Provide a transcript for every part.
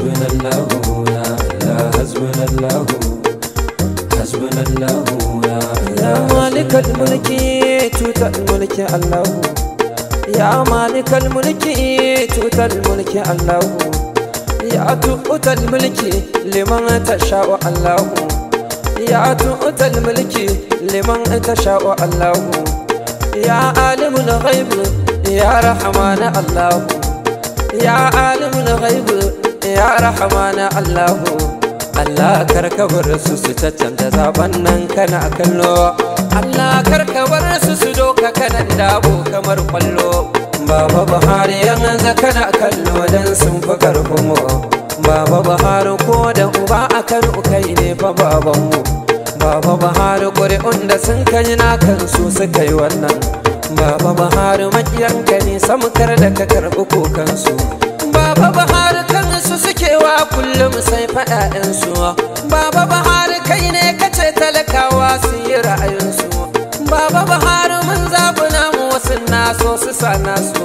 حسبنا الله لا حسبنا الله حسبنا الله يا مالك الملك توت الملك الله يا مالك الملك توت الملك الله يا توت الملك لمن تشاء الله يا توت الملك لمن تشاء الله يا عالم الغيب يا رحمن الله يا عالم الغيب ya rahamana allahu allah karka bar su su caccanta zaben nan kana kallo allah karka bar su su doka kanan dabo kamar kwallo baba buhari yan kana kallo dan sun fi karfin mu baba buhari ko da uba akan ukai kai ne fa babanmu baba buhari ƙuri'un da sun kai na kan su suka yi wannan baba buhari makiyanka ne samkar da ka kokan kokansu baba buhari su suke wa kullum sai faɗaɗinsu baba buhari kai ne kace talakawa su yi ra'ayinsu baba buhari mun zaɓi namu wasu naso su sa nasu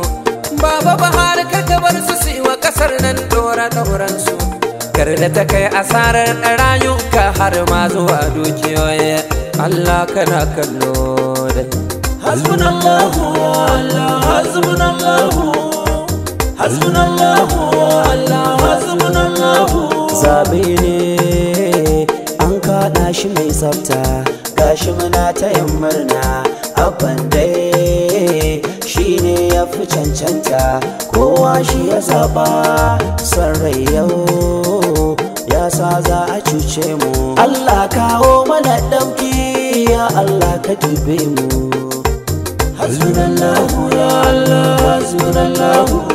baba buhari ka gabar su su yi wa ƙasar nan ɗora ɗauransu garda ta kai asarar rayuka har ma zuwa dukiyoyi allah kana kallo da hasbunallahu allah hasbunallahu hasbunallahu Allah hasbunallahu zabe ne an kaɗa shi mai tsafta gashi muna ta yin murna abban dai shi ne ya fi cancanta kowa shi ya zaba son rai yau ya sa za a cuce mu Allah kawo mana ɗauki ya Allah ka dube mu hasbunallahu ya Allah hasbunallahu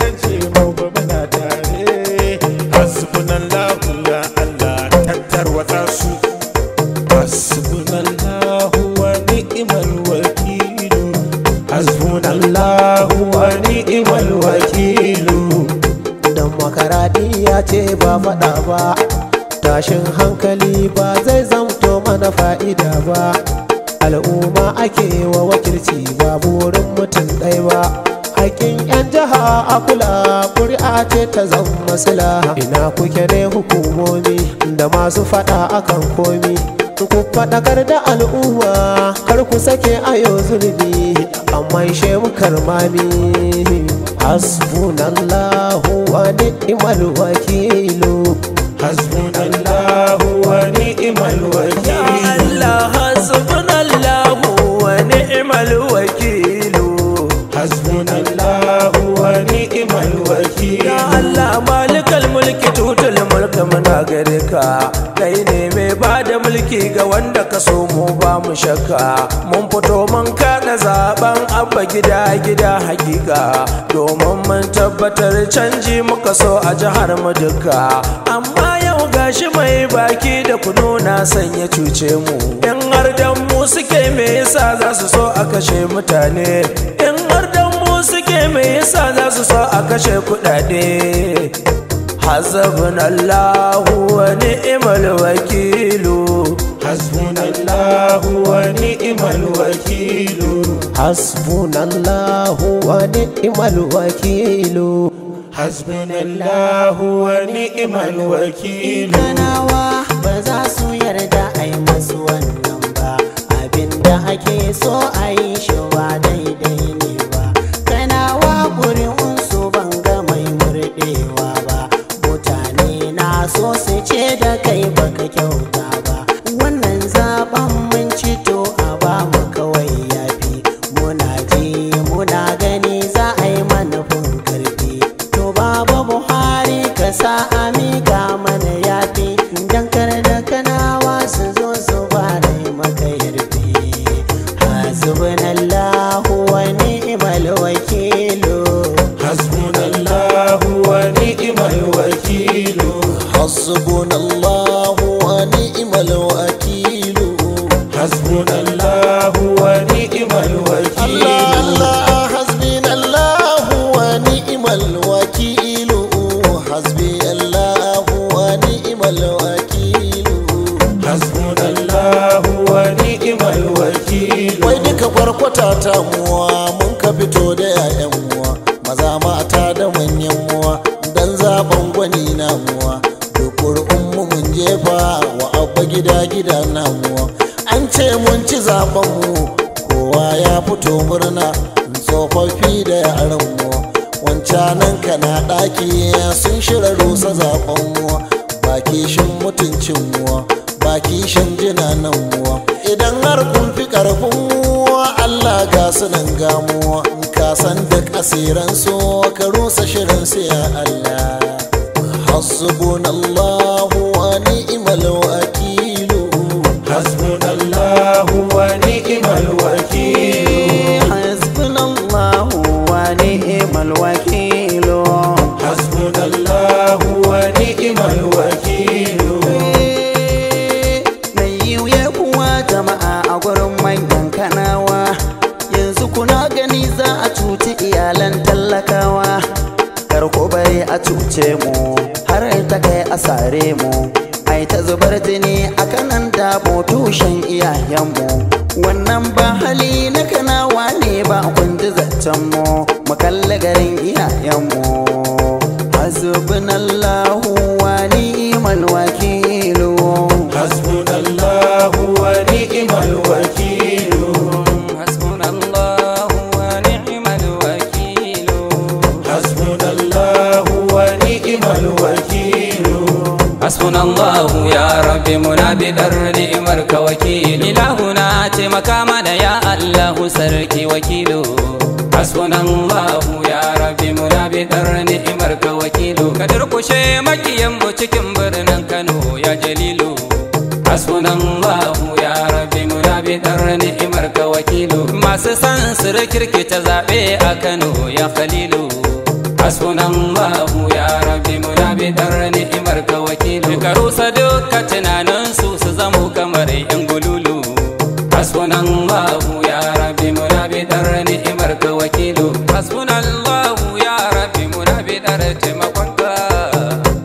ni'mal wakilu ya ce ba faɗa ba Tashin hankali ba zai zamto mana fa'ida ba Al'umma ake wa wakilci ba burin mutum ɗai ba Hakin 'yan jiha a kula ƙuri'a ce ta zama sila. Ina kuke ne hukumomi da masu faɗa akan komi ku faɗakar da al'umma kar ku sake ayo zurbi amma shemu karmami hasbunallahu wa ni'mal wakilu hasbunallahu wa ni'mal wakilu ya Allah hasbunallahu wa ni'mal wakilu hasbunallahu wa ni'mal wakilu ya Allah malikal mulki tutul mulka muna gare ka mulki ga wanda ka so mu ba mu shakka mun fito mun kada zaben abba gida gida hakika domin mun tabbatar canji muka so a jihar mu duka amma yau gashi mai baki da kuno na sanya cuce mu in har dan mu suke me yasa za su so a kashe mutane in har dan mu suke me yasa za su so a kashe kudade حسبنا الله ونعم الوكيل hasbunallahu wa ni'mal wakilu hasbunallahu wa ni'mal wakilu hasbunallahu wa ni'mal wakilu kanawa ba za su yarda ai masu wannan ba abinda ake so a gani za a yi manufin karfi to babu buhari ka sa ami ga mana yafi dan kar da kanawa su zo su ba da maka yarfi hasbunallahu wa ni'mal wakilu hasbunallahu wa ni'mal wakilu hasbunallahu wa ni'mal wakilu hasbun wai duka kwarkwata ta muwa mun ka fito da 'ya'yan muwa maza mata da manyan muwa dan zaben gwani na muwa dukur mu mun jefa wa abba gida gida na muwa an ce mun ci zaben mu kowa ya fito murna tsofaffi da yaran mu wancanan ka na ɗaki sun shirar rusa zaben mu ba kishin mutuncin mu Baki kishin jina nan muwa idan har kun fi karfin muwa Allah ga su nan gamuwa ka san da kasiran so ka rusa shirin sai ya Allah hasbunallahu sare mu ai ta zubar jini a kanan dabo tushen iyayenmu wannan ba hali na kanawa ne ba kun ji zaccen mu mu kalli garin iyayenmu bidar ni'imar ka wakilu ilahuna taimaka mana ya allahu sarki wakilu hasbunallahu ya rabbi muna bidar ni'imar ka wakilu ka durkushe makiyan mu cikin birnin kano ya jalilu hasbunallahu ya rabbi muna bidar ni'imar ka wakilu masu san sirri kirkita zaɓe a kano ya khalilu hasbunallahu ya rabbi muna bidar ni'imar ka wakilu ka rusa duka tunanin حسبنا الله يا ربي منابي بدر نعمرك وكيل حسبنا الله يا ربي منابي بدر تمكنك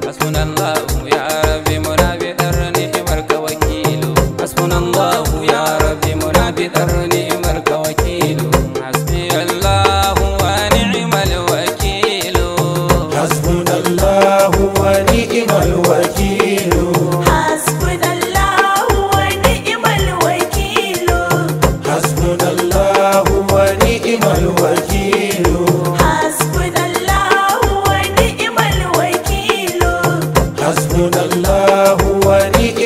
حسبنا الله يا ربي منا بدر نعمرك وكيل حسبنا الله يا ربي منابي بدر نعمرك وكيل حسبي الله ونعم الوكيل حسبنا الله ونعم الوكيل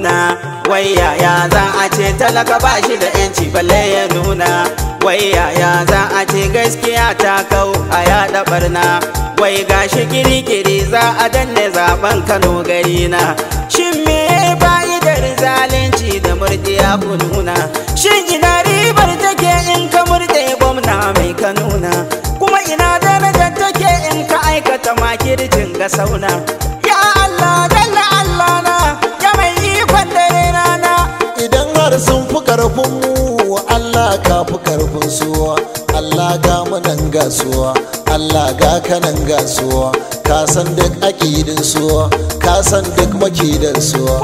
nuna wai yaya za a ce talaka ba shi da yanci balle ya nuna wai yaya za a ce gaskiya ta kau a yaɗa barna wai gashi kirikiri za a danne zaben kano gari na shin me fa'idar zalunci da murdiya ku nuna shin ina ribar take in ka murde gwamna mai ka nuna kuma ina darajar take in ka aikata makircin ga sauna kanan gasuwa ka san duk akidin suwa ka san duk makidan suwa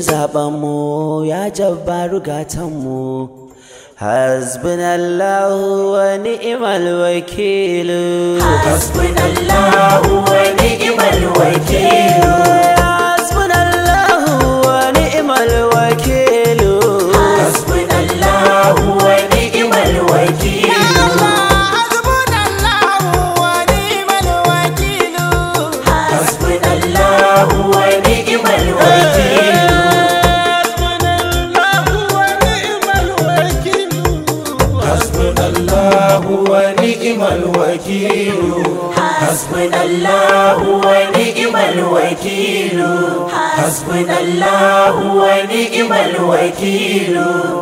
zaben mu ya jabbaru gatan mu hasbunallahu wani ni'mal wakilu hasbunallahu I kilu